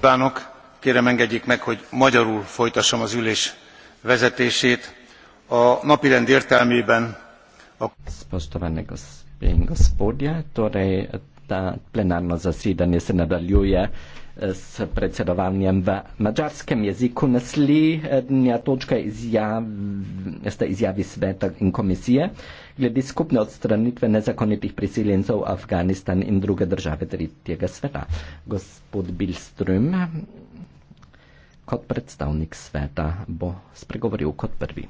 kvánok kérem engedjék meg hogy magyarul folytassam az ülés vezetését a napirend értelmében torej, plenárno zasedanje se nadaljuje eh, s predsedovanjem v mađarskem jeziku. Naslednja točka izjav, sta izjavi sveta in komisije glede skupne odstranitve nezakonitih priseljencev v Afganistan in druge države tretjega sveta. Gospod Bilström, kot predstavnik sveta, bo spregovoril kot prvi.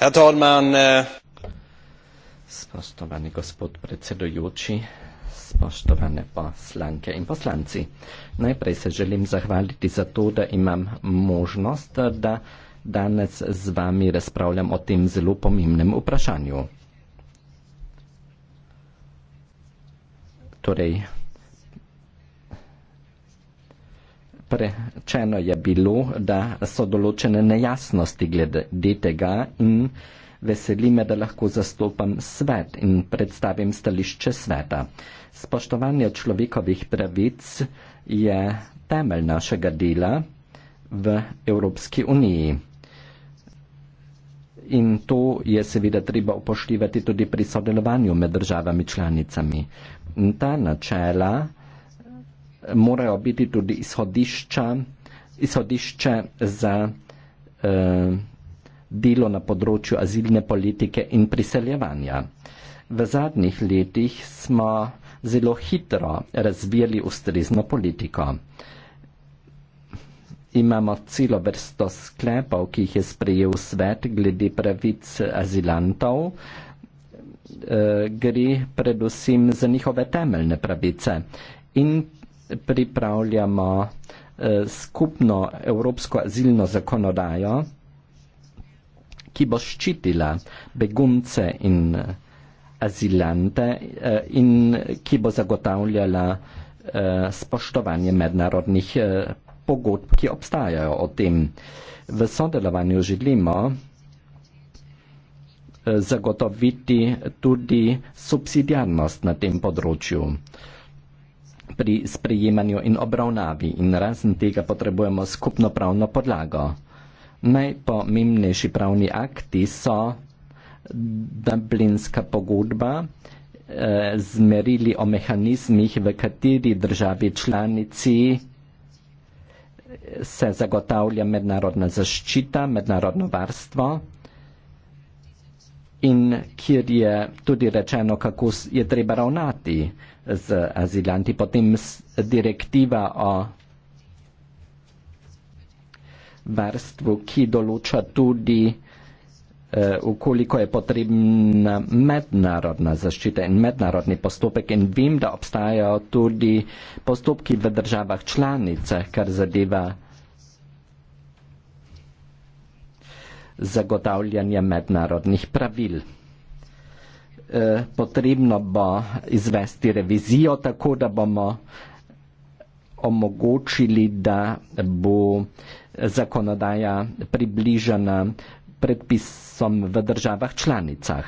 Uh, uh, Spoštovani gospod predsedujoči, spoštovane poslanke in poslanci. Najprej se želim zahvaliti za to, da imam možnost, da danes z vami razpravljam o tem zelo pomembnem vprašanju. Torej, prečeno je bilo, da so določene nejasnosti glede tega in veseli me, da lahko zastopam svet in predstavim stališče sveta. Spoštovanje človekovih pravic je temelj našega dela v Evropski uniji. In to je seveda treba upoštevati tudi pri sodelovanju med državami članicami. In ta načela morajo biti tudi izhodišča, izhodišče za eh, delo na področju azilne politike in priseljevanja. V zadnjih letih smo zelo hitro razvijali ustrezno politiko. Imamo celo vrsto sklepov, ki jih je sprejel svet glede pravic azilantov. E, gre predvsem za njihove temeljne pravice in pripravljamo e, skupno evropsko azilno zakonodajo, ki bo ščitila begunce in azilante eh, in ki bo zagotavljala eh, spoštovanje mednarodnih eh, pogodb, ki obstajajo o tem. V sodelovanju želimo zagotoviti tudi subsidijarnost na tem področju pri sprejemanju in obravnavi in razen tega potrebujemo skupno pravno podlago. Najpomembnejši pravni akti so Dublinska pogodba eh, z merili o mehanizmih, v kateri državi članici eh, se zagotavlja mednarodna zaščita, mednarodno varstvo in kjer je tudi rečeno, kako je treba ravnati z azilanti. Potem direktiva o varstvu, ki določa tudi ukoliko eh, je potrebna mednarodna zaščita in mednarodni postopek. In vem, da obstajajo tudi postopki v državah članicah, kar zadeva zagotavljanje mednarodnih pravil. Eh, potrebno bo izvesti revizijo tako, da bomo omogočili, da bo zakonodaja približana predpisom v državah članicah.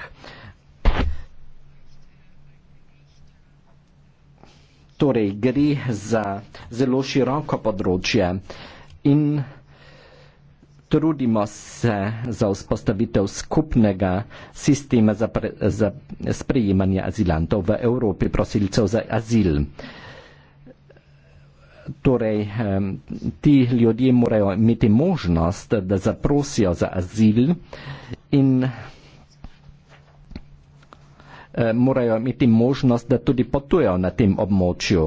Torej, gre za zelo široko področje in trudimo se za vzpostavitev skupnega sistema za, pre, za sprejemanje azilantov v Evropi, prosilcev za azil. Uh, Torej, ti ljudje morajo imeti možnost, da zaprosijo za azil in morajo imeti možnost, da tudi potujo na tem območju.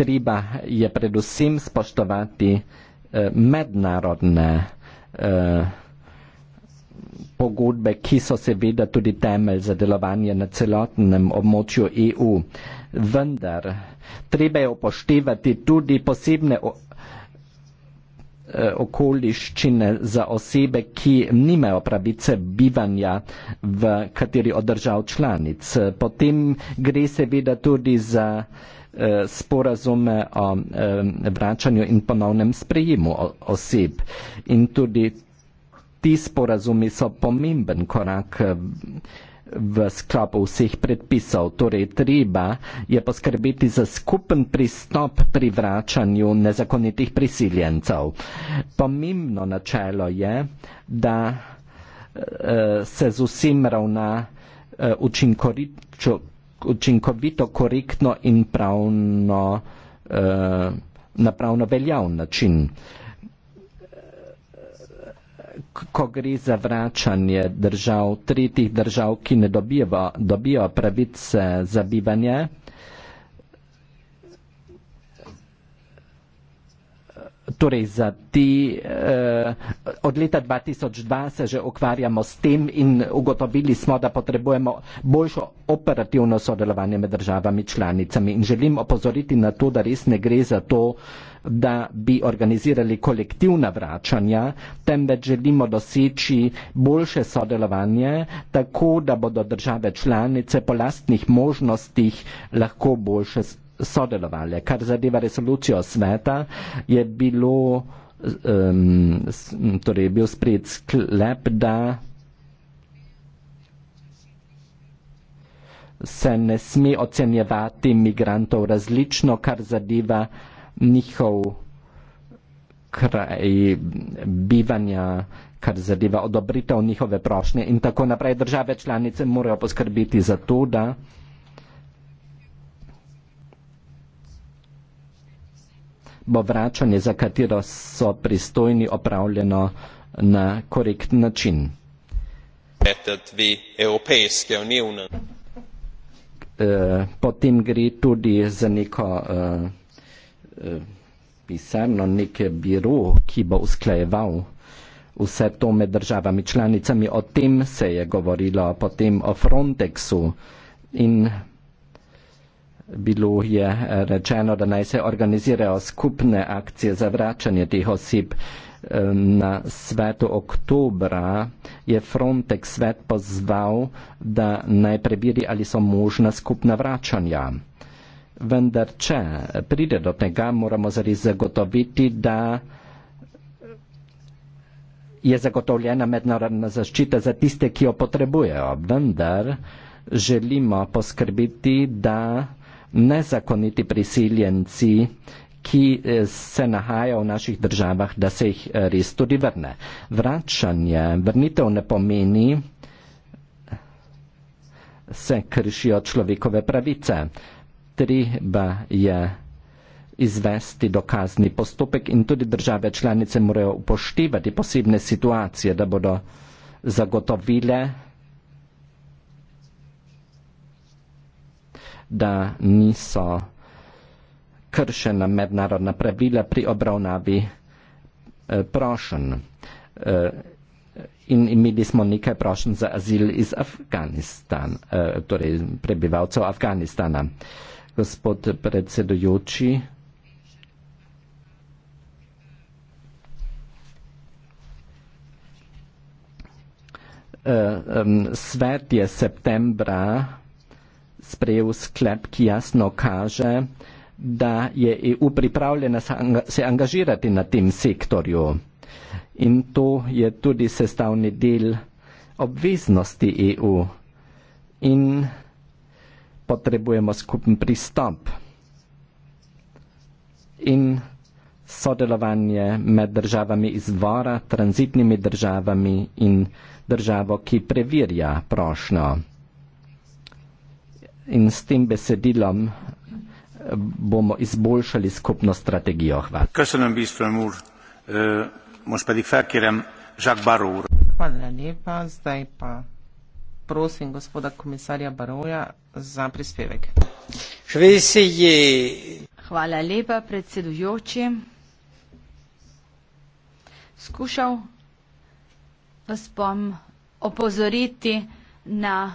Treba je predvsem spoštovati mednarodne pogodbe, ki so seveda tudi temelj za delovanje na celotnem območju EU. Vendar treba je upoštevati tudi posebne e, okoliščine za osebe, ki nimajo pravice bivanja v kateri od držav članic. Potem gre seveda tudi za e, sporazume o e, vračanju in ponovnem sprejemu oseb. In tudi Ti sporazumi so pomemben korak eh, v sklopu vseh predpisov, torej treba je poskrbeti za skupen pristop pri vračanju nezakonitih prisiljencev. Pomembno načelo je, da eh, se z vsem ravna eh, učinkovito, korektno in pravno, na pravno veljav način ko gre za vračanje držav, tretjih držav, ki ne dobijo, dobijo pravice za bivanje, torej za te, eh, od leta 2002 se že ukvarjamo s tem in ugotovili smo, da potrebujemo boljšo operativno sodelovanje med državami članicami. In želim opozoriti na to, da res ne gre za to, da bi organizirali kolektivna vračanja, temveč želimo doseči boljše sodelovanje, tako da bodo države članice po lastnih možnostih lahko boljše sodelovali. Kar zadeva resolucijo sveta, je bilo, um, torej bil spred sklep, da se ne sme ocenjevati migrantov različno, kar zadeva njihov kraj bivanja, kar zadeva odobritev njihove prošnje in tako naprej. Države članice morajo poskrbiti za to, da bo vračanje, za katero so pristojni, opravljeno na korekt način. Eh, potem gre tudi za neko eh, eh, pisarno, neke biro, ki bo usklajeval vse to med državami članicami. O tem se je govorilo potem o Frontexu in bilo je eh, rečeno, da naj se organizirajo skupne akcije za vračanje teh oseb. Na svetu oktobra je Frontex svet pozval, da naj preveri, ali so možna skupna vračanja. Vendar, če pride do tega, moramo zares zagotoviti, da je zagotovljena mednarodna zaščita za tiste, ki jo potrebujejo. Vendar želimo poskrbiti, da nezakoniti prisiljenci, ki eh, se nahajajo v naših državah, da se jih eh, res tudi vrne. Vračanje, vrnitev ne pomeni, se kršijo človekove pravice. Treba je izvesti dokazni postopek in tudi države članice morajo upoštevati posebne situacije, da bodo zagotovile da niso kršena mednarodna pravila pri obravnavi eh, prošen. Eh, in imeli smo nekaj prošen za azil iz Afganistana, eh, torej prebivalcev Afganistana. Gospod predsedujoči. Uh, um, svet je septembra sprejel sklep, ki jasno kaže, da je EU pripravljena se angažirati na tem sektorju. In to je tudi sestavni del obveznosti EU. In potrebujemo skupen pristop in sodelovanje med državami izvora, tranzitnimi državami in državo, ki preverja prošnjo in s tem besedilom eh, bomo izboljšali skupno strategijo. Hvala. Eh, Hvala lepa. Zdaj pa prosim gospoda komisarja Baroja za prispevek. Hvala lepa, predsedujoči. Skušal vas bom opozoriti na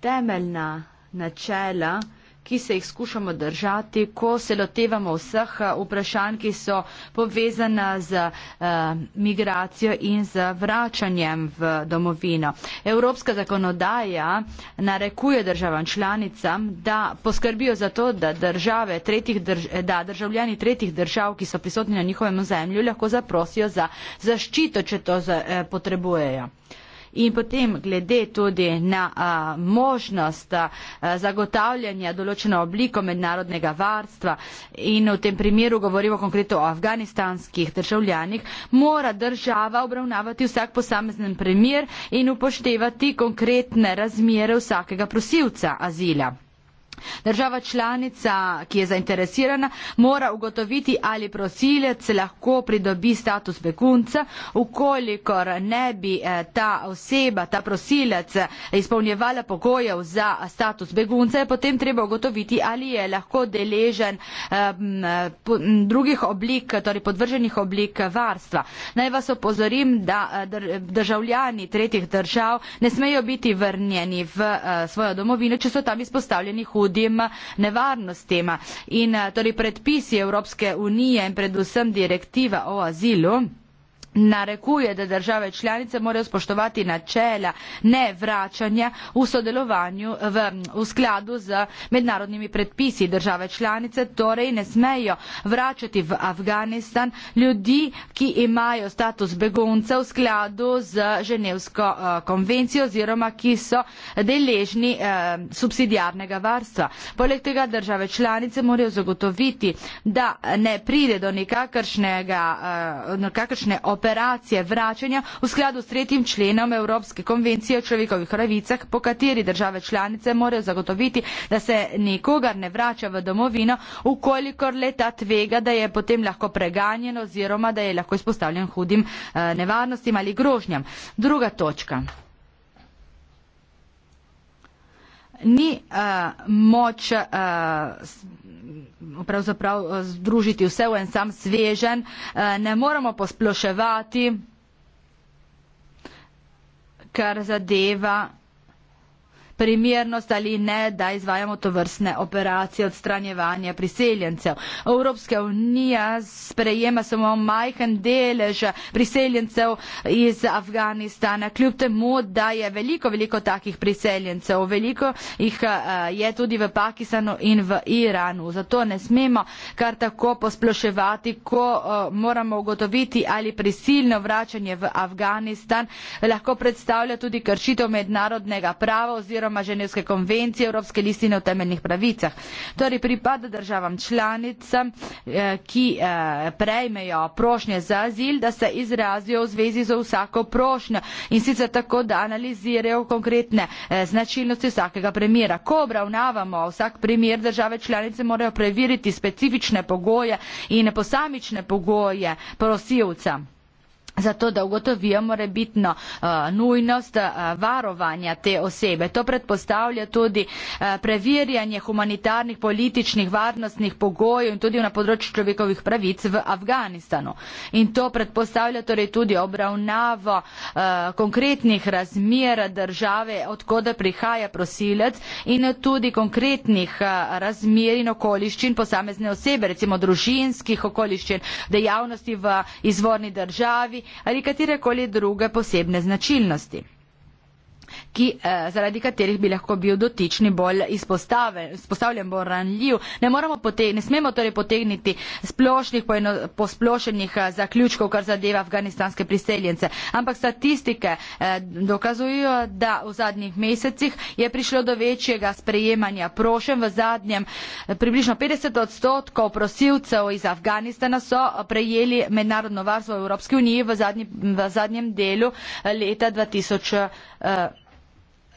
temeljna načela, ki se jih skušamo držati, ko se lotevamo vseh eh, vprašanj, ki so povezana z uh, migracijo in z vračanjem v domovino. Evropska zakonodaja narekuje državam članicam, da poskrbijo za to, da, drž da državljani tretjih držav, ki so prisotni na njihovem zemlju, lahko zaprosijo za zaščito, če to za, uh, eh, potrebujejo. Uh, In potem glede tudi na a, možnost a, zagotavljanja določeno obliko mednarodnega varstva in v tem primeru govorimo konkretno o afganistanskih državljanih, mora država obravnavati vsak posamezen primer in upoštevati konkretne razmere vsakega prosilca azila. Država članica, ki je zainteresirana, mora ugotoviti, ali prosilec lahko pridobi status begunca. Ukolikor ne bi eh, ta oseba, ta prosilec eh, izpolnjevala pogojev za status begunca, je potem treba ugotoviti, ali je lahko deležen drugih oblik, torej podvrženih oblik varstva. Naj vas opozorim, da eh, državljani tretjih držav ne smejo biti vrnjeni v svojo domovino, če so tam izpostavljeni hud hudim nevarnostim. In eh, torej predpisi Evropske unije in predvsem direktiva o azilu narekuje, da države članice morajo spoštovati načela ne vračanja v sodelovanju v, v skladu z mednarodnimi predpisi. Države članice torej ne smejo vračati v Afganistan ljudi, ki imajo status begunca v skladu z Ženevsko uh, konvencijo oziroma ki so deležni uh, eh, subsidijarnega varstva. Poleg tega države članice morajo zagotoviti, da ne pride do nekakršnega uh, eh, operacije vračanja v skladu s tretjim členom Evropske konvencije o človekovih pravicah, po kateri države članice morajo zagotoviti, da se nikogar ne vrača v domovino, ukolikor leta tvega, da je potem lahko preganjen oziroma da je lahko izpostavljen hudim eh, nevarnostim ali grožnjam. Druga točka. Ni uh, moč. Uh, Eh, pravzaprav eh, združiti vse v en sam svežen, eh, ne moramo posploševati, kar zadeva primernost ali ne, da izvajamo to vrstne operacije odstranjevanja priseljencev. Evropska unija sprejema samo majhen delež priseljencev iz Afganistana, kljub temu, da je veliko, veliko takih priseljencev. Veliko jih eh, je tudi v Pakistanu in v Iranu. Zato ne smemo kar tako posploševati, ko eh, moramo ugotoviti, ali prisilno vračanje v Afganistan lahko predstavlja tudi kršitev mednarodnega prava oziroma oziroma ženevske konvencije Evropske listine o temeljnih pravicah. Torej pripada državam članicam, eh, ki eh, prejmejo prošnje za azil, da se izrazijo v zvezi z vsako prošnjo in sicer tako, da analizirajo konkretne eh, značilnosti vsakega premjera. Ko obravnavamo vsak premjer, države članice morajo preveriti specifične pogoje in posamične pogoje prosilca zato da ugotovijo morebitno eh, nujnost eh, varovanja te osebe. To predpostavlja tudi eh, preverjanje humanitarnih, političnih, varnostnih pogojev in tudi na področju človekovih pravic v Afganistanu. In to predpostavlja torej tudi obravnavo konkretnih razmer države, odkoda prihaja prosilec in tudi konkretnih razmer in okoliščin posamezne osebe, recimo družinskih okoliščin, dejavnosti v izvorni državi ali katerekoli druge posebne značilnosti ki, eh, zaradi katerih bi lahko bil dotični bolj izpostavljen, bolj ranljiv. Ne, potegni, ne smemo torej potegniti splošnih, posplošenih eh, zaključkov, kar zadeva afganistanske priseljence, ampak statistike eh, dokazujejo, da v zadnjih mesecih je prišlo do večjega sprejemanja prošen. V zadnjem približno 50 odstotkov prosilcev iz Afganistana so prejeli mednarodno varstvo v Evropski uniji v, zadnji, v zadnjem delu leta 2000. Uh,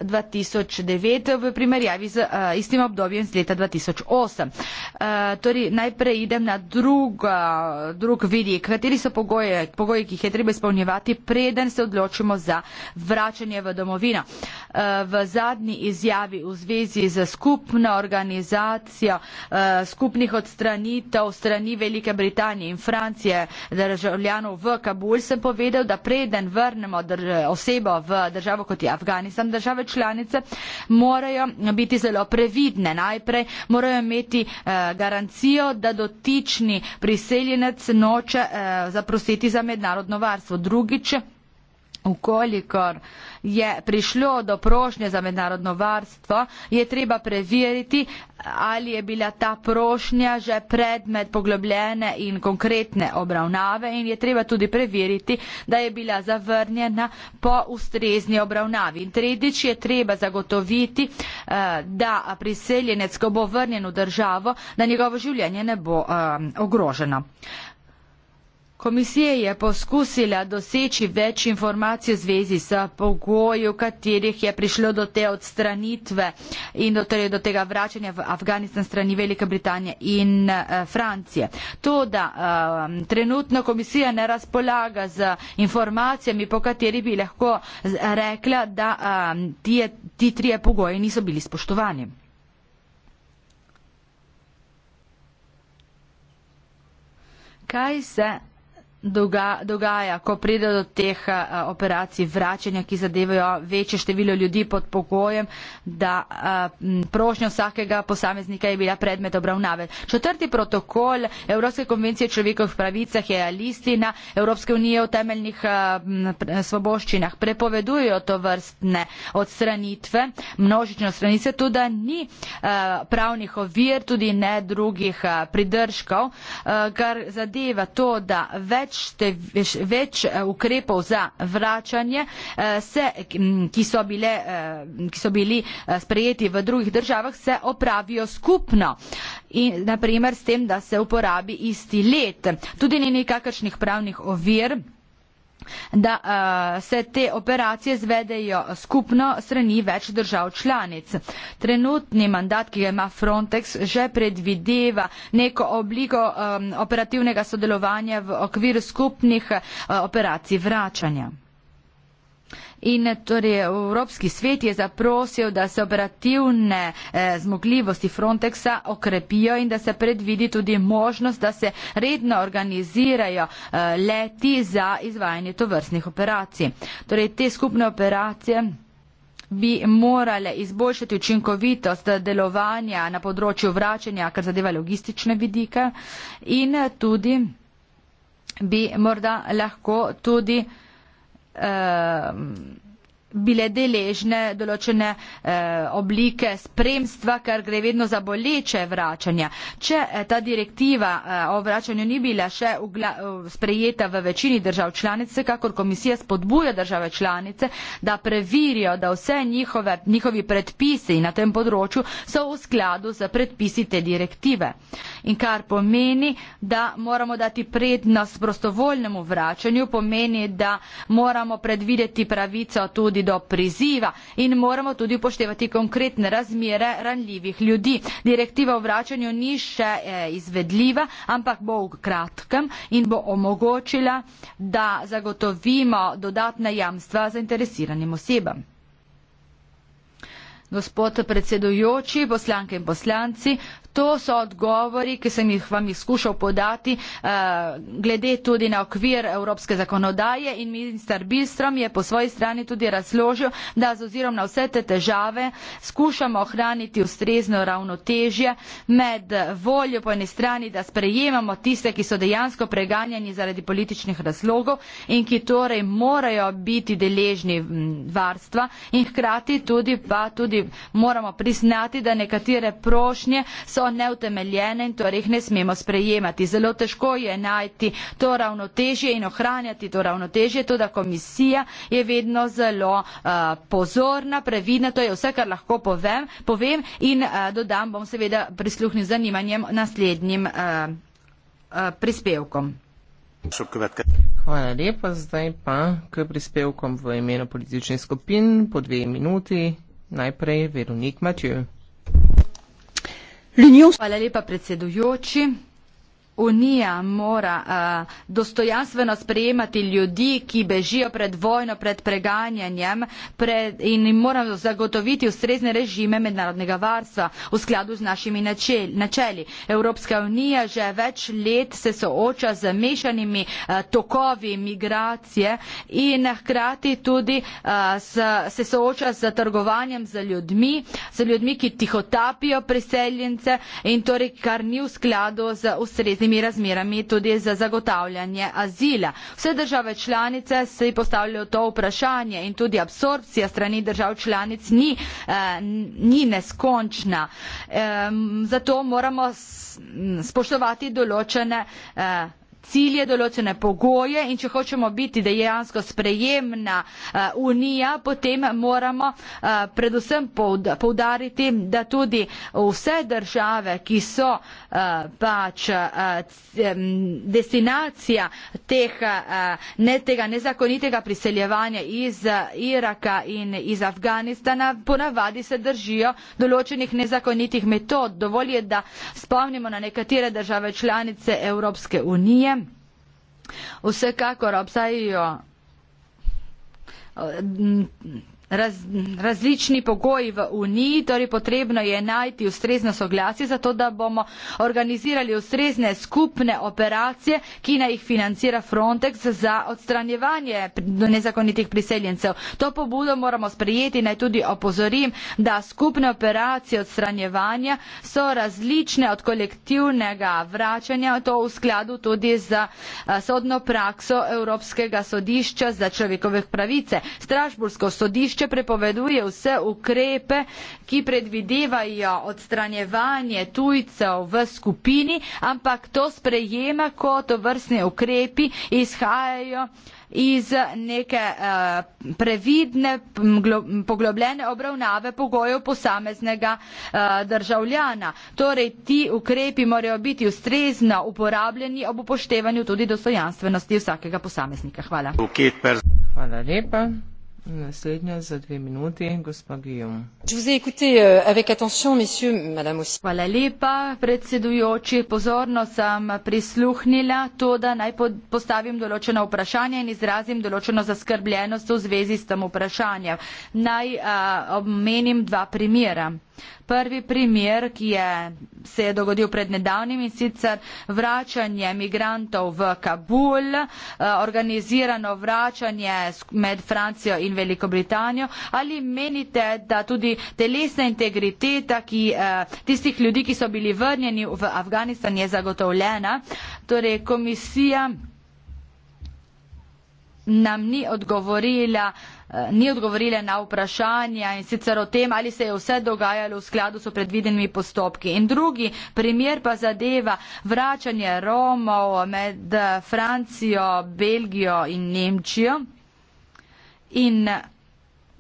2009 v primerjavi z uh, istim obdobjem z leta 2008. Uh, eh, torej, najprej idem na druga, eh, drug vidik. Kateri so pogoji, pogoji, ki jih je treba izpolnjevati, preden se odločimo za vračanje v domovino? Uh, v zadnji izjavi v zvezi z skupno organizacijo uh, skupnih odstranitev strani Velike Britanije in Francije državljanov v Kabul sem povedal, da preden vrnemo drž osebo v državo, kot je Afganistan, država države članice morajo biti zelo previdne. Najprej morajo imeti eh, garancijo, da dotični priseljenec noče eh, zaprositi za mednarodno varstvo. Drugič, Ukolikor je prišlo do prošnje za mednarodno varstvo, je treba preveriti, ali je bila ta prošnja že predmet poglobljene in konkretne obravnave in je treba tudi preveriti, da je bila zavrnjena po ustrezni obravnavi. In tretjič je treba zagotoviti, eh, da priseljenec, ko bo vrnjen v državo, da njegovo življenje ne bo eh, ogroženo. Komisija je poskusila doseči več informacij v zvezi s pogoji, v katerih je prišlo do te odstranitve in do, torej, do tega vračanja v Afganistan strani Velike Britanije in eh, Francije. Toda eh, trenutno komisija ne razpolaga z informacijami, po kateri bi lahko rekla, da eh, ti, ti trije pogoji niso bili spoštovani. Kaj se doga, dogaja, ko pride do teh a, eh, operacij vračanja, ki zadevajo večje število ljudi pod pogojem, da eh, prošnja vsakega posameznika je bila predmet obravnave. Četrti protokol Evropske konvencije o človekovih pravicah je listina Evropske unije o temeljnih a, eh, svoboščinah. Prepovedujejo to vrstne odstranitve, množične odstranitve, tudi ni a, pravnih ovir, tudi ne drugih a, pridržkov, a, kar zadeva to, da več več, več eh, ukrepov za vračanje, eh, se, ki, so bile, eh, ki so bili sprejeti v drugih državah, se opravijo skupno. In, naprimer s tem, da se uporabi isti let. Tudi ni nekakršnih pravnih ovir da uh, se te operacije zvedejo skupno strani več držav članic. Trenutni mandat, ki ga ima Frontex, že predvideva neko obliko um, operativnega sodelovanja v okviru skupnih uh, operacij vračanja. In torej Evropski svet je zaprosil, da se operativne eh, zmogljivosti Frontexa okrepijo in da se predvidi tudi možnost, da se redno organizirajo eh, leti za izvajanje tovrstnih operacij. Torej te skupne operacije bi morale izboljšati učinkovitost delovanja na področju vračanja, kar zadeva logistične vidike in tudi bi morda lahko tudi eh, Um, bile deležne določene eh, oblike spremstva, kar gre vedno za boleče vračanja. Če eh, ta direktiva eh, o vračanju ni bila še ugla, eh, sprejeta v večini držav članice, kakor komisija spodbuja države članice, da preverijo, da vse njihove, njihovi predpisi na tem področju so v skladu z predpisi te direktive. In kar pomeni, da moramo dati prednost prostovoljnemu vračanju, pomeni, da moramo predvideti pravico tudi do priziva in moramo tudi upoštevati konkretne razmere ranljivih ljudi. Direktiva o vračanju ni še eh, izvedljiva, ampak bo v kratkem in bo omogočila, da zagotovimo dodatna jamstva zainteresiranim osebam. Gospod predsedujoči, poslanke in poslanci, To so odgovori, ki sem jih vam jih skušal podati, eh, glede tudi na okvir evropske zakonodaje in minister Bistrom je po svoji strani tudi razložil, da z ozirom na vse te težave skušamo ohraniti ustrezno ravnotežje med voljo po eni strani, da sprejemamo tiste, ki so dejansko preganjani zaradi političnih razlogov in ki torej morajo biti deležni varstva in hkrati tudi pa tudi moramo priznati, da nekatere prošnje so so neutemeljene in torej jih ne smemo sprejemati. Zelo težko je najti to ravnotežje in ohranjati to ravnotežje, to da komisija je vedno zelo uh, pozorna, previdna, to je vse, kar lahko povem, povem in uh, dodam, bom seveda prisluhnil zanimanjem naslednjim uh, uh, prispevkom. Hvala lepa, zdaj pa k prispevkom v imenu političnih skupin po dve minuti. Najprej Veronik Matjev. L'Union. Hvala lepa predsedujoči. Unija mora uh, dostojanstveno sprejemati ljudi, ki bežijo pred vojno, pred preganjanjem pred, in jim moramo zagotoviti ustrezne režime mednarodnega varstva v skladu z našimi načeli, načeli. Evropska unija že več let se sooča z mešanimi uh, tokovi migracije in hkrati tudi uh, s, se sooča z trgovanjem z ljudmi, z ljudmi, ki tihotapijo priseljence in torej kar ni v skladu z ustreznimi kriznimi razmerami tudi za zagotavljanje azila. Vse države članice se postavljajo to vprašanje in tudi absorpcija strani držav članic ni, eh, ni neskončna. Eh, zato moramo spoštovati določene eh, cilje, določene pogoje in če hočemo biti dejansko sprejemna uh, unija, potem moramo uh, predvsem povdariti, da tudi vse države, ki so uh, pač uh, destinacija teh, uh, ne, tega nezakonitega priseljevanja iz uh, Iraka in iz Afganistana, ponavadi se držijo določenih nezakonitih metod. Dovolj je, da spomnimo na nekatere države članice Evropske unije, Vsekakor obstajajo eh, raz, različni pogoji v Uniji, torej potrebno je najti ustrezno soglasje za to, da bomo organizirali ustrezne skupne operacije, ki naj jih financira Frontex za odstranjevanje nezakonitih priseljencev. To pobudo moramo sprejeti, naj tudi opozorim, da skupne operacije odstranjevanja so različne od kolektivnega vračanja, to v skladu tudi z sodno prakso Evropskega sodišča za človekove pravice. Strašburgsko sodišče vroče prepoveduje vse ukrepe, ki predvidevajo odstranjevanje tujcev v skupini, ampak to sprejema kot vrstne ukrepi izhajajo iz neke uh, previdne, poglobljene obravnave pogojev posameznega uh, državljana. Torej, ti ukrepi morajo biti ustrezno uporabljeni ob upoštevanju tudi dostojanstvenosti vsakega posameznika. Hvala. Hvala lepa. Naslednja za dve minuti, gospa Gijom. Euh, Hvala lepa, predsedujoči. Pozorno sem prisluhnila to, da naj postavim določeno vprašanje in izrazim določeno zaskrbljenost v zvezi s tem vprašanjem. Naj a, omenim dva primera. Prvi primer, ki je, se je dogodil pred nedavnim in sicer vračanje migrantov v Kabul, eh, organizirano vračanje med Francijo in Veliko Britanijo, ali menite, da tudi telesna integriteta ki, eh, tistih ljudi, ki so bili vrnjeni v Afganistan, je zagotovljena? Torej, komisija nam ni odgovorila, Eh, ni odgovorila na vprašanja in sicer o tem, ali se je vse dogajalo v skladu s predvidenimi postopki. In drugi primer pa zadeva vračanje Romov med Francijo, Belgijo in Nemčijo. In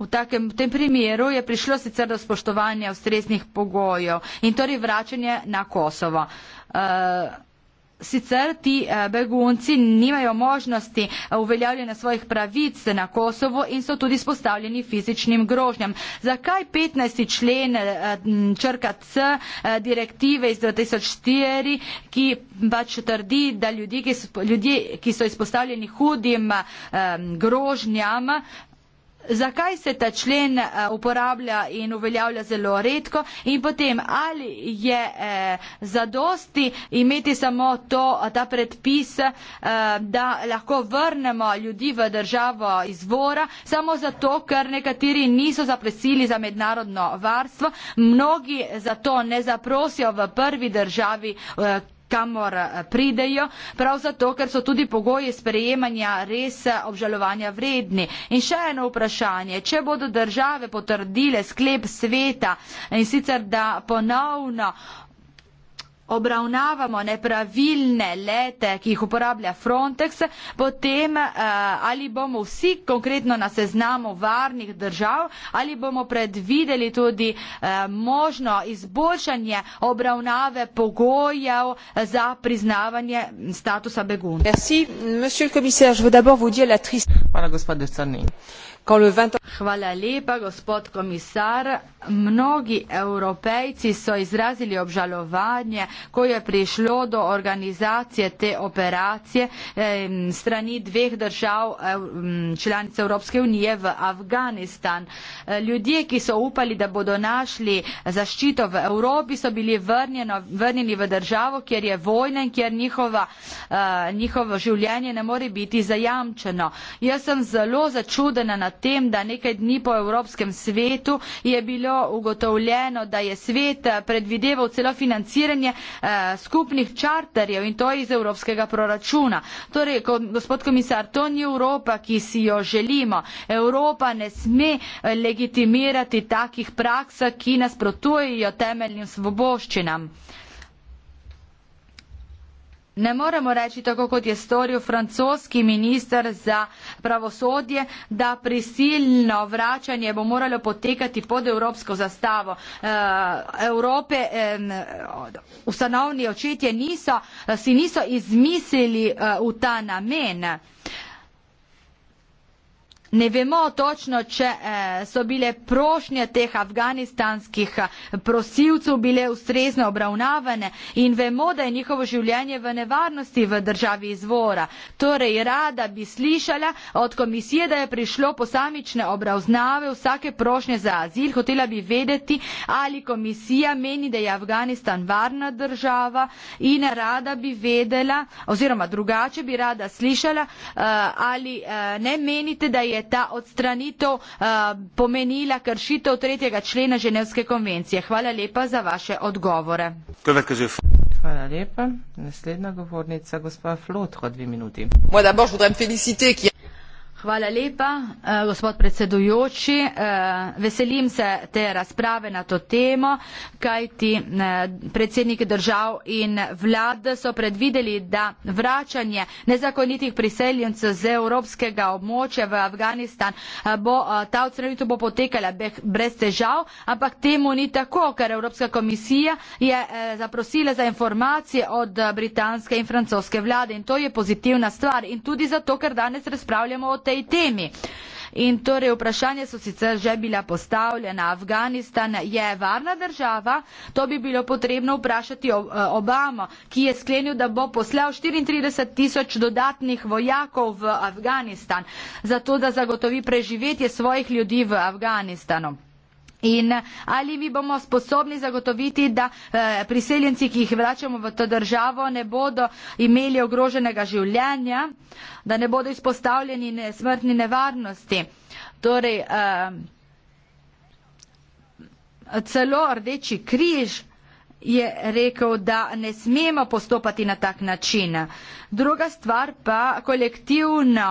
V, takem, v tem primeru je prišlo sicer do spoštovanja ustreznih pogojev in torej vračanje na Kosovo. Uh, sicer ti eh, begunci nimajo možnosti eh, uveljavljanja svojih pravic na Kosovo in so tudi spostavljeni fizičnim grožnjam. Zakaj 15. člen eh, črka C direktive iz 2004, ki pač trdi, da ljudje, ki so izpostavljeni hudim grožnjama, zakaj se ta člen eh, uporablja in uveljavlja zelo redko in potem ali je eh, zadosti imeti samo to, ta predpis, eh, da lahko vrnemo ljudi v državo izvora, samo zato, ker nekateri niso zaprosili za mednarodno varstvo, mnogi za to ne zaprosijo v prvi državi, eh, kamor eh, pridejo, prav zato, ker so tudi pogoji sprejemanja res eh, obžalovanja vredni. In še eno vprašanje, če bodo države potrdile sklep sveta in sicer, da ponovno uh, obravnavamo nepravilne lete, ki jih uporablja Frontex, potem uh, ali bomo vsi konkretno na seznamu varnih držav ali bomo predvideli tudi uh, možno izboljšanje obravnave pogojev eh, za priznavanje statusa begunca. Hvala, gospod Decerni. Hvala lepa, gospod komisar. Mnogi evropejci so izrazili obžalovanje ko je prišlo do organizacije te operacije strani dveh držav članic Evropske unije v Afganistan. E, ljudje, ki so upali, da bodo našli zaščito v Evropi, so bili vrnjeno, vrnjeni v državo, kjer je vojna in kjer njihova, e, njihovo življenje ne more biti zajamčeno. Jaz sem zelo začudena na tem, da nekaj dni po Evropskem svetu je bilo ugotovljeno, da je svet predvideval celo financiranje eh, skupnih čarterjev in to iz evropskega proračuna. Torej, ko, gospod komisar, to ni Evropa, ki si jo želimo. Evropa ne sme eh, legitimirati takih praksa, ki nasprotujejo temeljnim svoboščinam. Ne moramo reći tako kot je storil francoski minister za pravosodje, da prisilno vračanje bo moralo potekati pod evropsko zastavo. Eh, Evrope ustanovni očetje niso, si niso izmislili eh, v ta namen. Ne vemo točno, če eh, so bile prošnje teh afganistanskih eh, prosilcev bile ustrezno obravnavane in vemo, da je njihovo življenje v nevarnosti v državi izvora. Torej, rada bi slišala od komisije, da je prišlo posamične obravznave vsake prošnje za azil. Hotela bi vedeti, ali komisija meni, da je Afganistan varna država in rada bi vedela, oziroma drugače bi rada slišala, eh, ali ne menite, da je ta odstranitev uh, pomenila kršitev tretjega člena Ženevske konvencije. Hvala lepa za vaše odgovore. Hvala lepa. Naslednja govornica, gospod Flot, dve minuti. Hvala lepa, eh, gospod predsedujoči. Eh, veselim se te razprave na to temo, kajti eh, predsednik držav in vlad so predvideli, da vračanje nezakonitih priseljencev z evropskega območja v Afganistan bo ta odstranitev bo potekala brez težav, ampak temu ni tako, ker Evropska komisija je zaprosila za informacije od britanske in francoske vlade in to je pozitivna stvar in tudi zato, ker danes razpravljamo o tem tej temi. In torej vprašanje so sicer že bila postavljena. Afganistan je varna država, to bi bilo potrebno vprašati eh, Obamo, ki je sklenil, da bo poslal 34 tisoč dodatnih vojakov v Afganistan, zato da zagotovi preživetje svojih ljudi v Afganistanu. In eh, ali mi bomo sposobni zagotoviti, da eh, priseljenci, ki jih vračamo v to državo, ne bodo imeli ogroženega življenja, da ne bodo izpostavljeni smrtni nevarnosti. Torej, eh, celo rdeči križ je rekel, da ne smemo postopati na tak način. Druga stvar pa kolektivno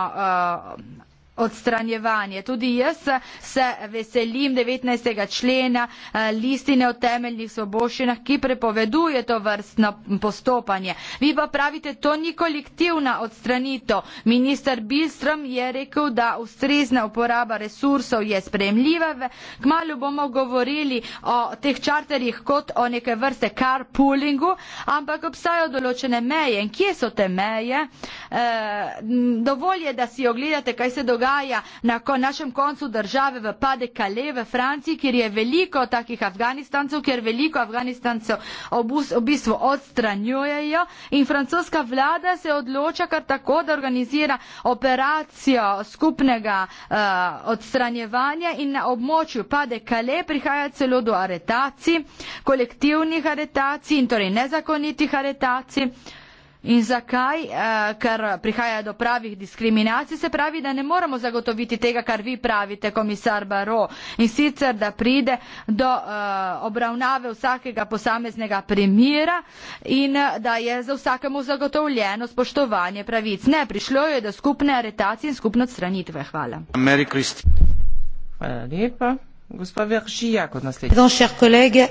odstranjevanje. Tudi jaz se veselim 19. člena eh, listine o temeljnih svoboščinah, ki prepoveduje to vrstno postopanje. Vi pa pravite, to ni kolektivna odstranitev. Minister Bilstrom je rekel, da ustrezna uporaba resursov je spremljiva. Kmalo bomo govorili o teh čarterjih kot o neke vrste carpoolingu, ampak obstajajo določene meje. In kje so te meje? E, dovolj je, da si ogledate, kaj se dogaja dogaja na ko našem koncu države v Pade-Kale v Franciji, kjer je veliko takih Afganistancev, kjer veliko Afganistancev obus, v bistvu odstranjujejo in francoska vlada se odloča kar tako, da organizira operacijo skupnega uh, odstranjevanja in na območju Pade-Kale prihaja celo do aretacij, kolektivnih aretacij in torej nezakonitih aretacij. In zakaj? Eh, ker prihaja do pravih diskriminacij, se pravi, da ne moramo zagotoviti tega, kar vi pravite, komisar Baro, in sicer, da pride do eh, obravnave vsakega posameznega primira in eh, da je za vsakemu zagotovljeno spoštovanje pravic. Ne, prišlo je do skupne aretacije in skupne odstranitve. Hvala. Hvala lepa. Gospa Veržija, kot naslednja.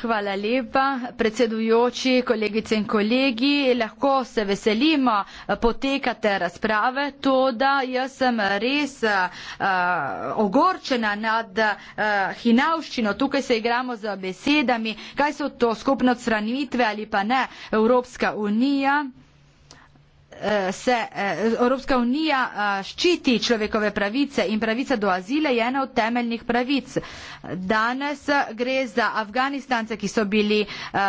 Hvala lepa, predsedujoči, kolegice in kolegi. Lahko se veselimo eh, potekate razprave, to da jaz sem res uh, ogorčena nad uh, hinavščino. Tukaj se igramo z besedami, kaj so to skupno odstranitve ali pa ne Evropska unija. Eh, se eh, Evropska unija eh, ščiti človekove pravice in pravica do azile je ena od temeljnih pravic. Danes gre za Afganistance, ki so bili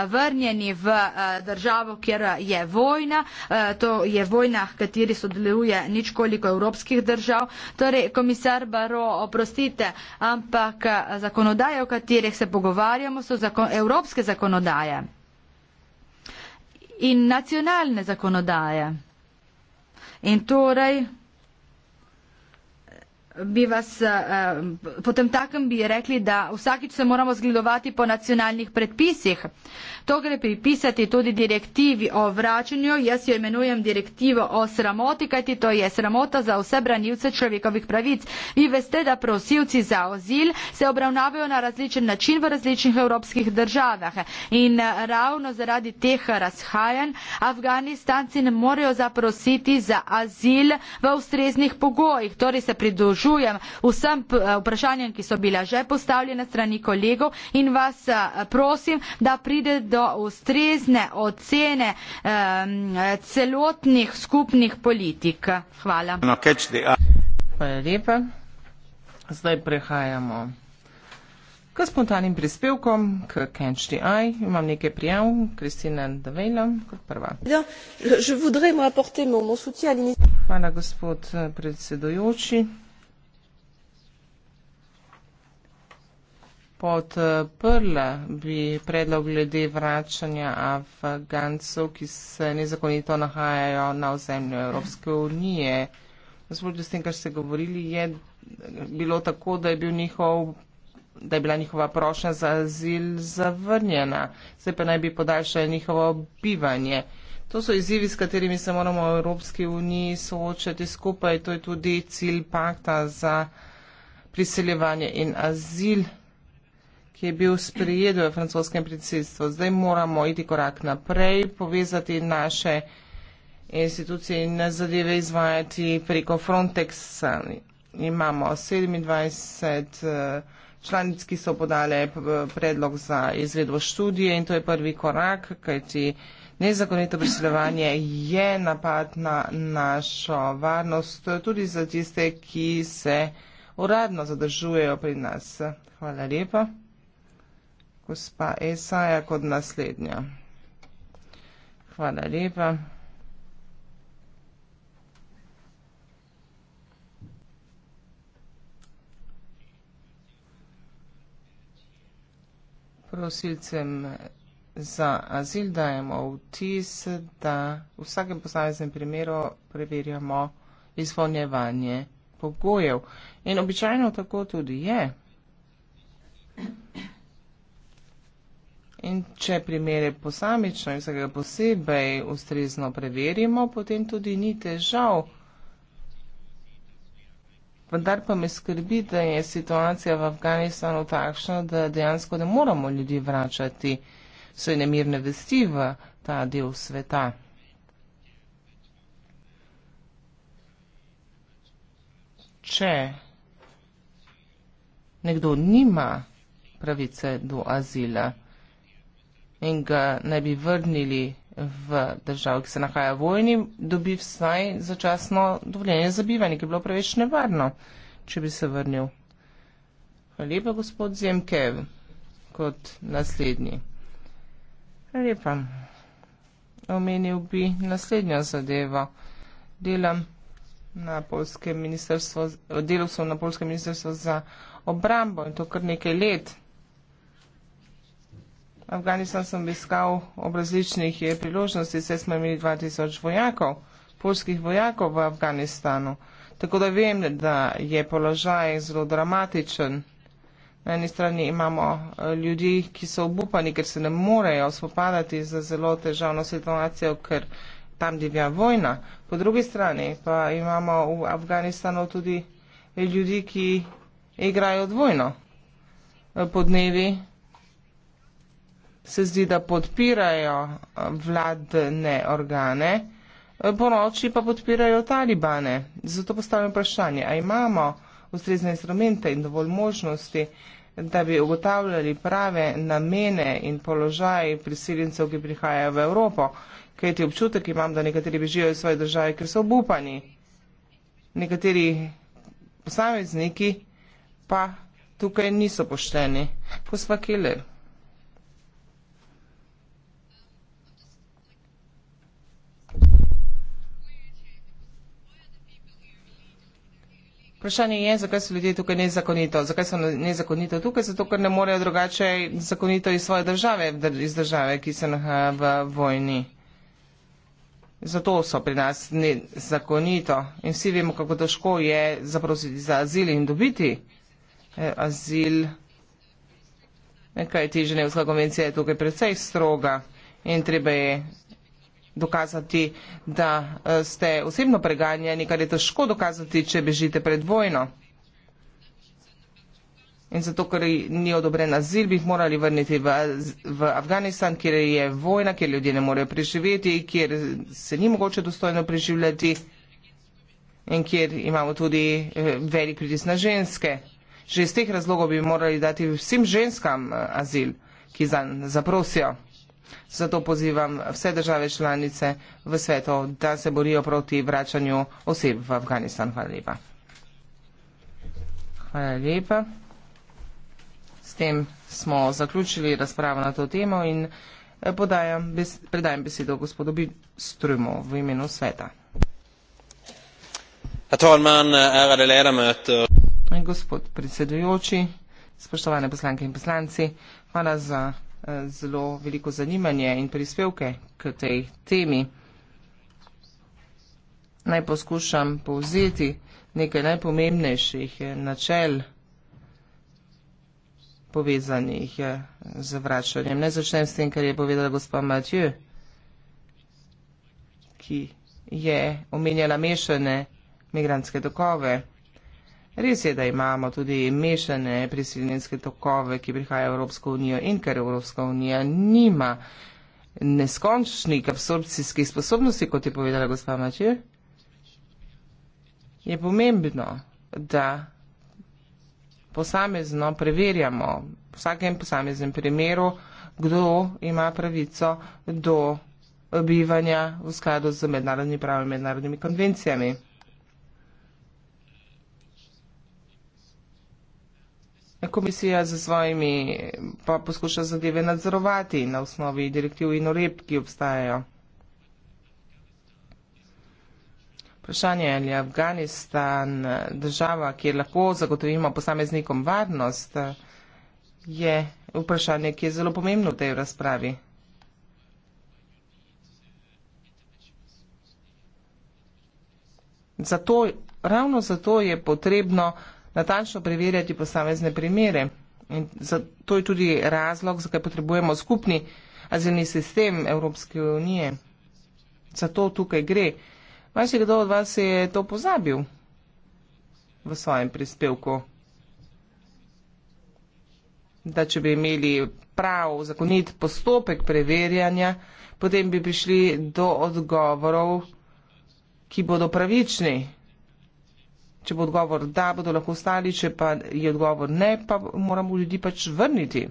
vrnjeni v državo, kjer je vojna. To je vojna, v kateri sodeluje ničkoliko evropskih držav. Torej, komisar Baro, oprostite, ampak zakonodaje, o katerih se pogovarjamo, so zakon evropske zakonodaje. In nacionalne zakonodaje. In torej bi vas, eh, potem takem bi rekli, da vsakič se moramo zgledovati po nacionalnih predpisih. To gre pripisati tudi direktivi o vračanju, jaz jo imenujem direktivo o sramoti, kajti to je sramota za vse branilce človekovih pravic. Vi veste, da prosilci za ozil se obravnavajo na različen način v različnih evropskih državah in eh, ravno zaradi teh razhajan Afganistanci ne morejo zaprositi za azil v ustreznih pogojih, torej se pridružujo sprašujem vsem eh, vprašanjem, ki so bila že postavljena strani kolegov in vas eh, prosim, da pride do ustrezne ocene um, celotnih skupnih politik. Hvala. No, Hvala lepa. Zdaj prehajamo. K spontanim prispevkom, k Catch the Eye, imam nekaj prijav, Kristina Davejla kot prva. Hvala, gospod eh, predsedujoči. podprla, bi predlog glede vračanja Afgancev, ki se nezakonito nahajajo na ozemlju Evropske unije. Gospodje, s tem, kar ste govorili, je bilo tako, da je, bil njihov, da je bila njihova prošnja za azil zavrnjena, zdaj pa naj bi podaljšala njihovo bivanje. To so izzivi, s katerimi se moramo v Evropski uniji soočati skupaj. To je tudi cilj pakta za priseljevanje in azil ki je bil sprijet v francoskem predsedstvu. Zdaj moramo iti korak naprej, povezati naše institucije in zadeve izvajati preko Frontexa. Imamo 27 eh, članic, ki so podale eh, predlog za izvedbo študije in to je prvi korak, kajti nezakonito priseljevanje je napad na našo varnost, tudi za tiste, ki se uradno zadržujejo pri nas. Hvala lepa gospa Esaja kot naslednja. Hvala lepa. Prosilcem za azil dajemo vtis, da v vsakem posameznem primeru preverjamo izvoljevanje pogojev. In običajno tako tudi je. In če primere posamično in vsega posebej ustrezno preverimo, potem tudi ni težav. Vendar pa me skrbi, da je situacija v Afganistanu takšna, da dejansko ne moramo ljudi vračati svoje nemirne vesti v ta del sveta. Če nekdo nima pravice do azila, in ga ne bi vrnili v državo, ki se nahaja v vojni, dobi vsaj začasno dovoljenje za bivanje, ki bi bilo preveč nevarno, če bi se vrnil. Hvala lepa, gospod Zemkev, kot naslednji. Hvala lepa. Omenil bi naslednjo zadevo. Delam na polskem ministrstvu, delal sem na polskem ministrstvu za obrambo in to kar nekaj let. Afganistan sem iskal ob različnih eh, priložnosti, saj smo imeli 2000 vojakov, polskih vojakov v Afganistanu. Tako da vem, da je položaj zelo dramatičen. Na eni strani imamo eh, ljudi, ki so obupani, ker se ne morejo spopadati z zelo težavno situacijo, ker tam divja vojna. Po drugi strani pa imamo v Afganistanu tudi eh, ljudi, ki igrajo dvojno. Podnevi se zdi, da podpirajo eh, vladne organe, eh, po noči pa podpirajo talibane. Zato postavljam vprašanje, a imamo ustrezne instrumente in dovolj možnosti, da bi ugotavljali prave namene in položaj priseljencev, ki prihajajo v Evropo. Kajti občutek imam, da nekateri bežijo iz svoje države, ker so obupani. Nekateri posamezniki pa tukaj niso pošteni. Gospa Keller. Vprašanje je, zakaj so ljudje tukaj nezakonito. Zakaj so nezakonito tukaj? Zato, ker ne morejo drugače zakonito iz svoje države, iz države, ki se nahaja v vojni. Zato so pri nas nezakonito. In vsi vemo, kako težko je zaprositi za azil in dobiti eh, azil. Nekaj eh, ti ženevska konvencija je tukaj precej stroga in treba je dokazati, da eh, ste osebno preganjeni, kar je težko dokazati, če bežite pred vojno. In zato, ker ni odobren azil, bi jih morali vrniti v, v Afganistan, kjer je vojna, kjer ljudje ne morejo preživeti, kjer se ni mogoče dostojno preživljati in kjer imamo tudi eh, velik pritisk na ženske. Že iz teh razlogov bi morali dati vsem ženskam eh, azil, ki zanj zaprosijo. Zato pozivam vse države članice v svetu, da se borijo proti vračanju oseb v Afganistan. Hvala lepa. Hvala lepa. S tem smo zaključili razpravo na to temo in eh, podajam, predajam besedo gospodu Bistrumu v imenu sveta. Talman, gospod predsedujoči, spoštovane poslanke in poslanci, hvala za zelo veliko zanimanje in prispevke k tej temi. Naj poskušam povzeti nekaj najpomembnejših eh, načel povezanih eh, z vračanjem. Naj začnem s tem, kar je povedala gospa Matjo, ki je omenjala mešane migranske dokove. Res je, da imamo tudi mešane priseljenske tokove, ki prihajajo v Evropsko unijo in ker Evropska unija nima neskončnih absorpcijskih sposobnosti, kot je povedala gospa Mačir, je pomembno, da posamezno preverjamo v vsakem posameznem primeru, kdo ima pravico do obivanja v skladu z mednarodnimi pravi in mednarodnimi konvencijami. Komisija z svojimi pa poskuša zadeve nadzorovati na osnovi direktiv in oreb, ki obstajajo. Vprašanje je, ali je Afganistan država, kjer lahko zagotovimo posameznikom varnost, je vprašanje, ki je zelo pomembno v tej razpravi. Zato, ravno zato je potrebno natančno preverjati posamezne primere. In zato je tudi razlog, zakaj potrebujemo skupni azilni sistem Evropske unije. Zato tukaj gre. Vaš kdo od vas je to pozabil v svojem prispevku? Da če bi imeli prav zakonit postopek preverjanja, potem bi prišli do odgovorov, ki bodo pravični. Če bo odgovor da, bodo lahko ostali, če pa je odgovor ne, pa moramo ljudi pač vrniti.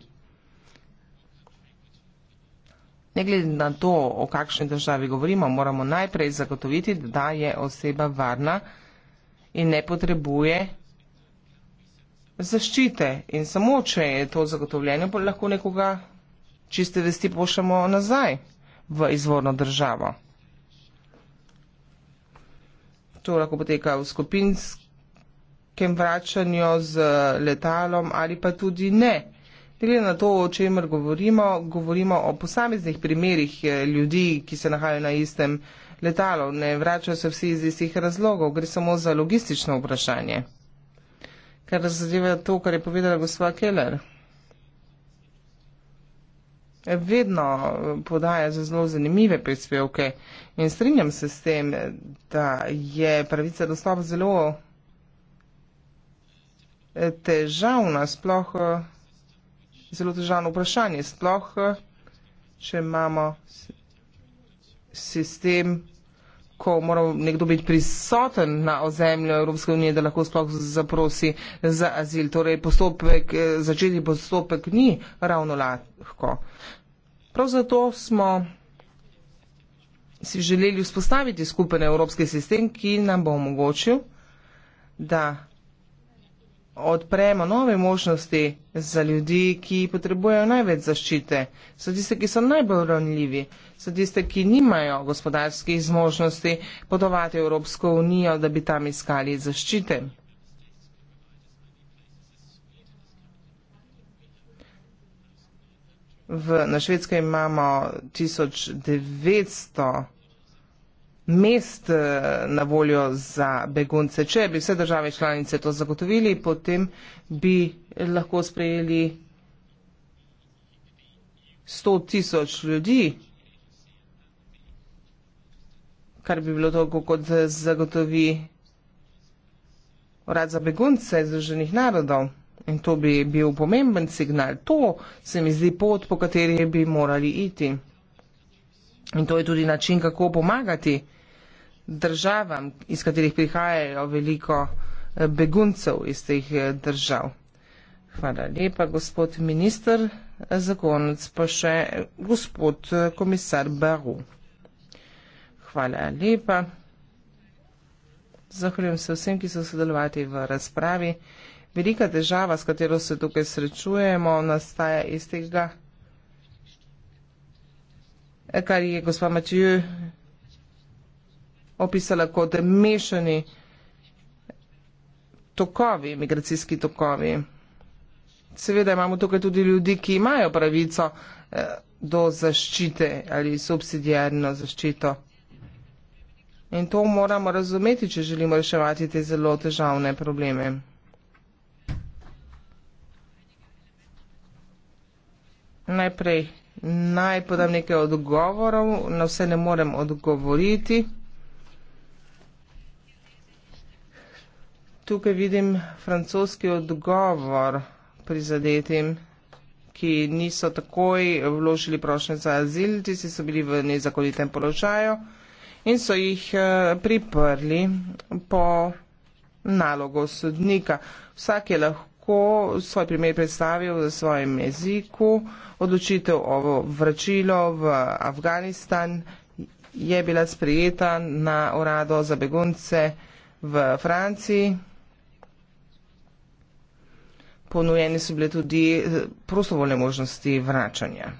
Ne glede na to, o kakšni državi govorimo, moramo najprej zagotoviti, da je oseba varna in ne potrebuje zaščite. In samo, če je to zagotovljeno, lahko nekoga čiste vesti pošljemo nazaj v izvorno državo. To lahko poteka v skupinskem vračanju z letalom ali pa tudi ne. Glede na to, o čemer govorimo, govorimo o posameznih primerih eh, ljudi, ki se nahajajo na istem letalu. Ne vračajo se vsi iz istih razlogov, gre samo za logistično vprašanje. Kar zadeva to, kar je povedala gospa Keller vedno eh, podaja za zelo zanimive prispevke in strinjam se s tem, da je pravica dostop zelo eh, težavna, sploh eh, zelo težavno vprašanje, sploh, če imamo sistem ko mora nekdo biti prisoten na ozemlju Evropske unije, da lahko sploh zaprosi za azil. Torej, postopek, eh, začeti postopek ni ravno lahko. Prav zato smo si želeli vzpostaviti skupen evropski sistem, ki nam bo omogočil, da odpremo nove možnosti za ljudi, ki potrebujejo največ zaščite, za tiste, ki so najbolj ranljivi, za tiste, ki nimajo gospodarskih zmožnosti podovati Evropsko unijo, da bi tam iskali zaščite. V, na švedskem imamo 1900 mest eh, na voljo za begunce. Če bi vse države članice to zagotovili, potem bi lahko sprejeli 100 tisoč ljudi, kar bi bilo toliko, kot zagotovi Urad za begunce Združenih narodov. In to bi bil pomemben signal. To se mi zdi pot, po kateri bi morali iti. In to je tudi način, kako pomagati državam, iz katerih prihajajo veliko eh, beguncev iz teh eh, držav. Hvala lepa, gospod minister. Za konec pa še eh, gospod komisar Baru. Hvala lepa. Zahvaljujem se vsem, ki so sodelovali v razpravi. Velika težava, s katero se tukaj srečujemo, nastaja iz tega, kar je gospod Mačiju opisala kot mešani tokovi, migracijski tokovi. Seveda imamo tukaj tudi ljudi, ki imajo pravico eh, do zaščite ali subsidijarno zaščito. In to moramo razumeti, če želimo reševati te zelo težavne probleme. Najprej naj podam nekaj odgovorov, na vse ne morem odgovoriti. tukaj vidim francoski odgovor prizadetim, ki niso takoj vložili prošnje za azil, tisti so bili v nezakonitem položaju in so jih eh, priprli po nalogo sodnika. Vsak je lahko svoj primer predstavil v svojem jeziku, odločitev o vračilo v Afganistan je bila sprejeta na urado za begunce v Franciji ponujene so bile tudi eh, prostovoljne možnosti vračanja.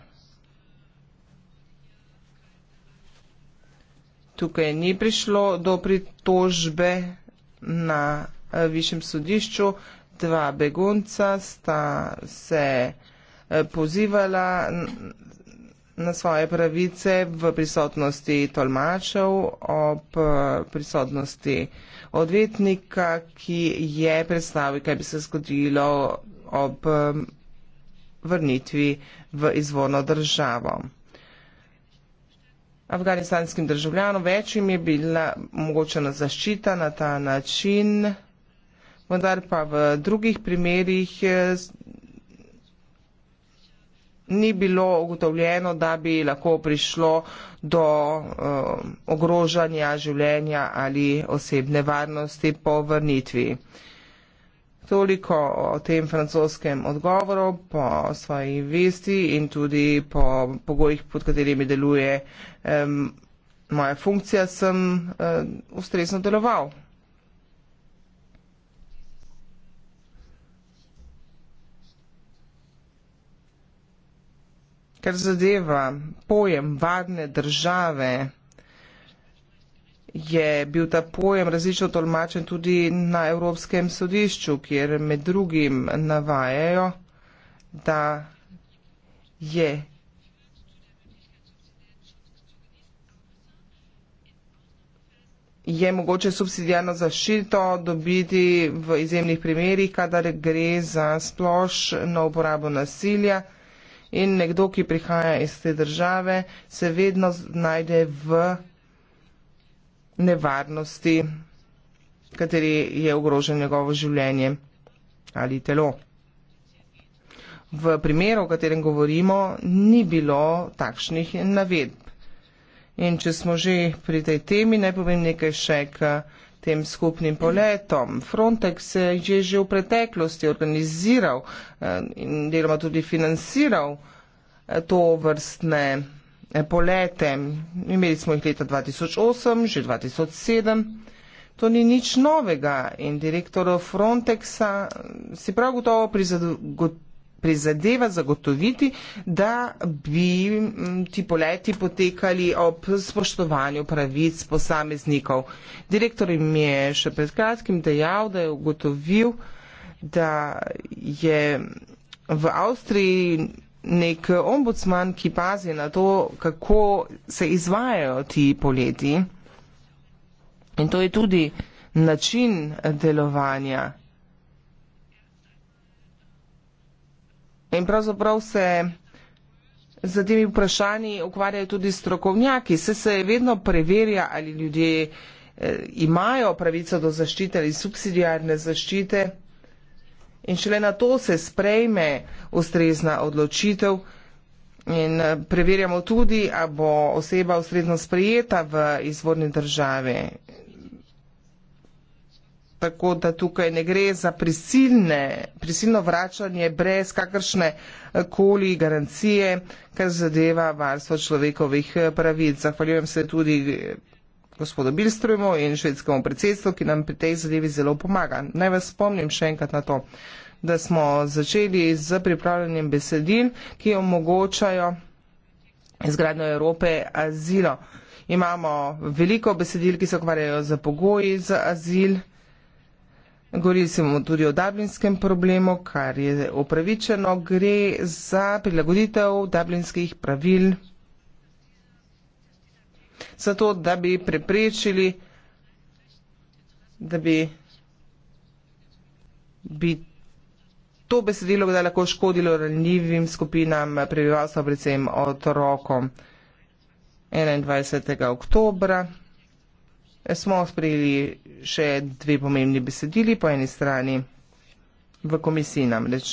Tukaj ni prišlo do pritožbe na eh, višjem sodišču. Dva begunca sta se eh, pozivala na svoje pravice v prisotnosti tolmačev ob prisotnosti odvetnika, ki je predstavil, kaj bi se zgodilo ob um, vrnitvi v izvorno državo. Afganistanskim državljanom več jim je bila omogočena zaščita na ta način, vendar pa v drugih primerjih eh, ni bilo ugotovljeno, da bi lahko prišlo do uh, ogrožanja življenja ali osebne varnosti po vrnitvi. Toliko o tem francoskem odgovoru po svoji vesti in tudi po pogojih, pod katerimi deluje um, moja funkcija, sem um, ustrezno deloval. Kar zadeva pojem varne države, je bil ta pojem različno tolmačen tudi na Evropskem sodišču, kjer med drugim navajajo, da je je mogoče subsidijarno zaščito dobiti v izjemnih primerih, kadar gre za splošno uporabo nasilja, in nekdo, ki prihaja iz te države, se vedno najde v nevarnosti, kateri je ogrožen njegovo življenje ali telo. V primeru, o katerem govorimo, ni bilo takšnih navedb. In če smo že pri tej temi, naj povem nekaj še, kar tem skupnim poletom. Frontex je že v preteklosti organiziral eh, in deloma tudi financiral eh, to vrstne eh, polete. Imeli smo jih leta 2008, že 2007. To ni nič novega in direktor Frontexa si prav gotovo prizadeva prizadeva zagotoviti, da bi mm, ti poleti potekali ob spoštovanju pravic posameznikov. Direktor jim je še pred kratkim dejal, da je ugotovil, da je v Avstriji nek ombudsman, ki pazi na to, kako se izvajajo ti poleti. In to je tudi način delovanja In pravzaprav se z temi vprašanji ukvarjajo tudi strokovnjaki. Se se vedno preverja, ali ljudje eh, imajo pravico do zaščite ali subsidijarne zaščite. In šele na to se sprejme ustrezna odločitev in eh, preverjamo tudi, a bo oseba ustrezno sprejeta v izvorni državi. Tako da tukaj ne gre za prisilne, prisilno vračanje brez kakršne eh, koli garancije, kar zadeva varstvo človekovih eh, pravic. Zahvaljujem se tudi eh, gospodu Bilstrujmu in švedskemu predsedstvu, ki nam pri tej zadevi zelo pomaga. Naj vas spomnim še enkrat na to, da smo začeli z pripravljanjem besedil, ki omogočajo izgradnjo Evrope azilo. Imamo veliko besedil, ki se ukvarjajo z pogoji za azil. Govorili smo tudi o dublinskem problemu, kar je upravičeno, gre za prilagoditev dublinskih pravil, zato da bi preprečili, da bi, bi to besedilo da lahko škodilo ranljivim skupinam prebivalstva, predvsem otrokom 21. oktobra smo sprejeli še dve pomembni besedili po eni strani v komisiji namreč.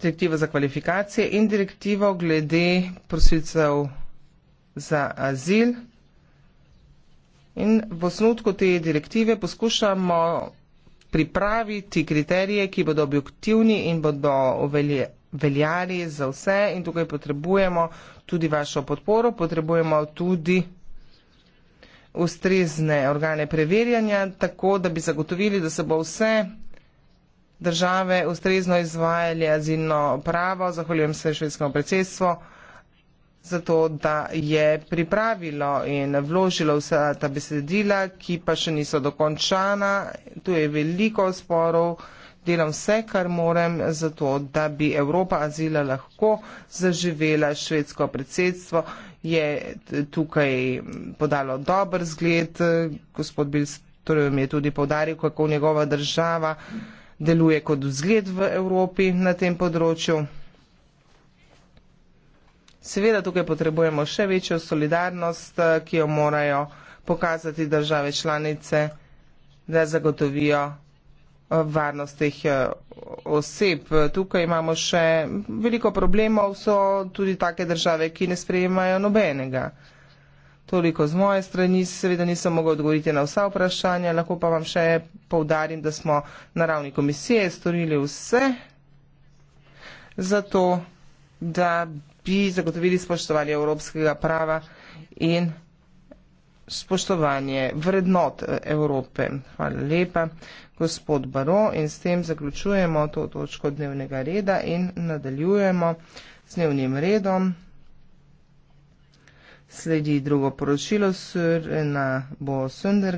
Direktivo za kvalifikacije in direktivo glede prosilcev za azil. In v osnutku te direktive poskušamo pripraviti kriterije, ki bodo objektivni in bodo veljali za vse. In tukaj potrebujemo tudi vašo podporo, potrebujemo tudi ustrezne organe preverjanja, tako da bi zagotovili, da se bo vse države ustrezno izvajali azilno pravo. Zahvaljujem se švedskemu predsedstvu za to, da je pripravilo in vložilo vsa ta besedila, ki pa še niso dokončana. Tu je veliko sporov, delam vse, kar morem, za to, da bi Evropa azila lahko zaživela švedsko predsedstvo je tukaj podalo dober zgled. Gospod Bils torej mi je tudi povdaril, kako njegova država deluje kot vzgled v Evropi na tem področju. Seveda tukaj potrebujemo še večjo solidarnost, ki jo morajo pokazati države članice, da zagotovijo varnostih eh, oseb. Tukaj imamo še veliko problemov, so tudi take države, ki ne sprejemajo nobenega. Toliko z moje strani, seveda nisem mogel odgovoriti na vsa vprašanja, lahko pa vam še povdarim, da smo na ravni komisije storili vse za to, da bi zagotovili spoštovanje evropskega prava in spoštovanje vrednot eh, Evrope. Hvala lepa gospod Baro in s tem zaključujemo to točko dnevnega reda in nadaljujemo z dnevnim redom. Sledi drugo poročilo, sur na bo sunder.